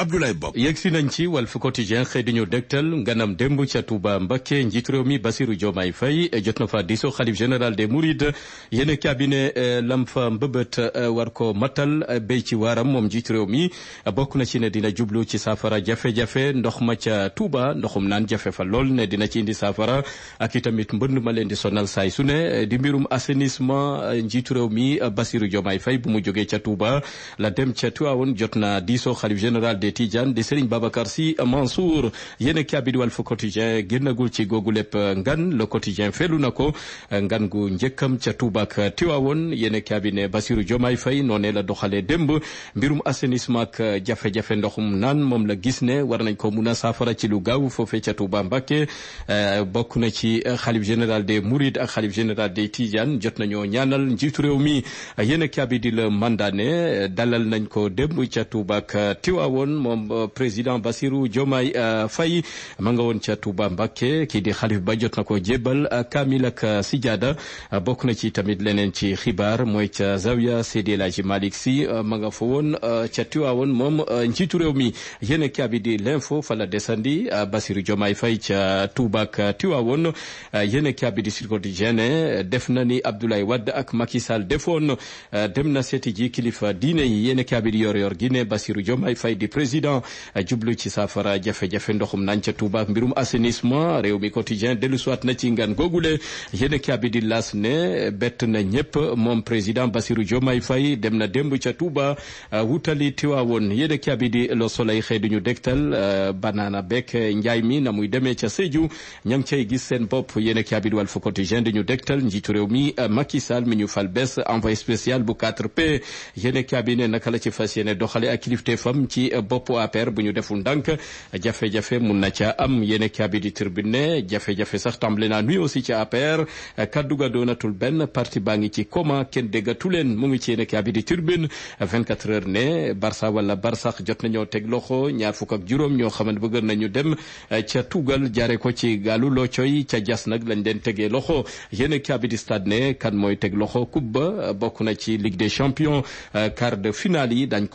Abdoulaye Bob yegsi nañ ci Walf Quotidien xëy di ñu dégtal nganam démb ca Touba Mbacké njiitu réew mi Bassirou Diomaye Faye eh, jot na fa diisoo xalif général des Mourides yéen cabinet eh, lam fa mbëbët eh, ko matal béy ci waaram moom njiitu réew mi bokk na ci ne dina jublu ci saafara jafe-jafe ndox ma ca Touba ndoxum naan jafe fa lool ne dina ci indi saafara ak itamit mbënd ma leen di sonal saay su ne di mbirum assainissement njiitu réew mi Bassirou Diomaye Faye bu mu jógee ca tuba la dem ca Tivaouane des Tidianes di Serigne Babacar Sy Mansour yéen kaabidi Walf Quotidien génnagul ci googu lépp ngan le quotidien felu na ko ngan gu njëkkam ca Touba ak Tiwaawoon yéen kaabine Bassirou Diomaye Faye noonee la doxalee démb mbirum assainissement ak jafe-jafe ndoxum nan moom la gis ne war nañ ko mun a saafara ci lu gaaw foofee ca Touba Mbacké euh, bokk na ci xalif général des Mourides ak xalif général des Tidianes jot nañoo ñaanal njiitu réew mi yéen kaabidi la mandaane dalal nañ ko démb ca Touba ak moom euh, président Bassirou Diomaye euh, fay ma nga woon ca Touba Mbacké kii di xalif ba jot na ko jébbal euh, kaamil ak sijaada bokk na ci tamit leneen ci xibaar mooy ca Zawiya Seydi El Hadji Malick Sy ma nga fa woon ca Tiwaawoon moom njiitu réew mi yéen kaabi di l'info la desandi Bassirou Diomaye fay ca Touba ak Tiwaawoon yéen kaabi di Sud Quotidien def na ni Abdoulaye Wade ak Macky Sall defoon dem ji kilifa diine yi yéen kaabi di yor yor gi di président président eh, jublu ci saafara jafe-jafe ndoxum naan ca Touba mbirum assainissement réew mi quotidien dellu siwaat na ci ngan googule yéen a kaabi di laas ne bett na ñëpp moom président Bassirou Diomaye Faye dem na démb ca Touba eh, wutali Tiwaawoon won a kaabi di Le Soleil xëy duñu dégtal eh, banaana beek njaay mi na muy demee ca Sédhiou ña ngi cay gis seen bopp yéen a kaabi di Walf Quotidien di ñu dégtal njiitu réew mi Macky Sall mi ñu fal bees envoyé spécial bu 4P yéen a kaabi ne naka la ci boppu APR bu ñu deful ndànk jafe-jafe mun na ca am yéen kaabi di Tribune jafe-jafe sax tàmbale naa nuy aussi ci APR kaddu ga doonatul benn parti baa ngi ci coma kenn déggatu leen mu ngi ci yéen kaabi di Tribune 24 heures ne Barça wala Barsax jot na nañoo teg loxo ñaar fukk ak juróom ñoo xam ne bëgg nañu dem eh, ca tugal jaare ko ci gaalu loocoy ca jas nag lañ leen tegee loxo yéen kaabi Stade ne kan mooy teg loxo kubba bokk na ci Ligue des Champions eh, quart de finale yi dañ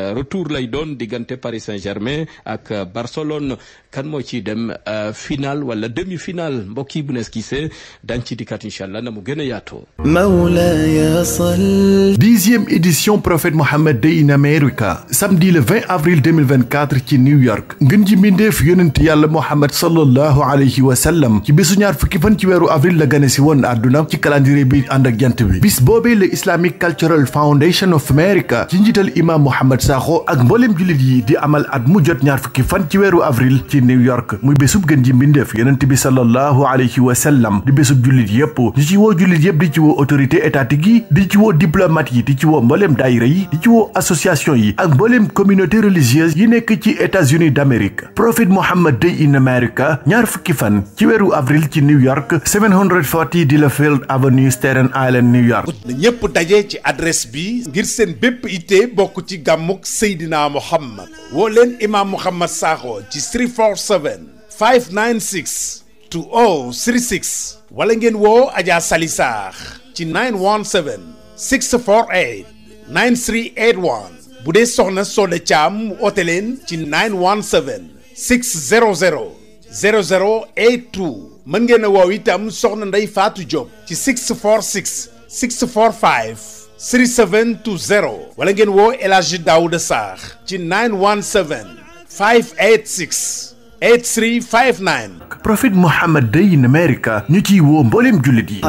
Euh, retour lay doon diggante Paris Saint-Germain ak euh, Barcelone kan moo ciy dem euh, final wala demi final mbokk yi bu ne esquissé dañ ci dikkaat incha allah na mu gën a yaatoo. Mawlaya Sall. dixième édition Prophet Muhammad Day in America samedi le 20 avril 2024 ci New York ngën ji mbindeef yonent yàlla Muhammad sallallahu alayhi wa sallam ci bésu ñaar fukki fan ci weeru avril la gane si woon àdduna ci calendrier le Islamic Cultural Foundation of America ci njiital imam Muhammad Sakho ak mbooleem jullit yi di amal at mu jot ñaar fukki fan ci weeru avril ci New York muy bésub gën ji mbindeef yonent bi sallallahu alayhi di bésub jullit yépp ñu ci woo jullit yépp di ci woo autorité étatique yi di ci woo diplomate yi di ci woo mbooleem daayira yi di ci woo association yi ak mbooleem communauté religieuse yi nekk ci États-Unis d'Amérique Prophet Muhammad Day in America ñaar fukki fan ci weeru avril ci New York 740 Delafield Facebook Seydina Mohamed woo leen imam Mohamed Sakho ci 347 596 2036 wala ngeen woo Adja Sali Sarr ci 917 648 9381 bu dee soxna Soda Thiam oote leen ci 917 600 0082 mën ngeen a woow itam soxna Ndeye Fatou Diop ci 646 645 37 to 0 wala ngeen woo El Hadji Daouda Sarr ci 917 586 8359 Prophet Muhammad Day in America ñu ciy woo mbooleem jullit yi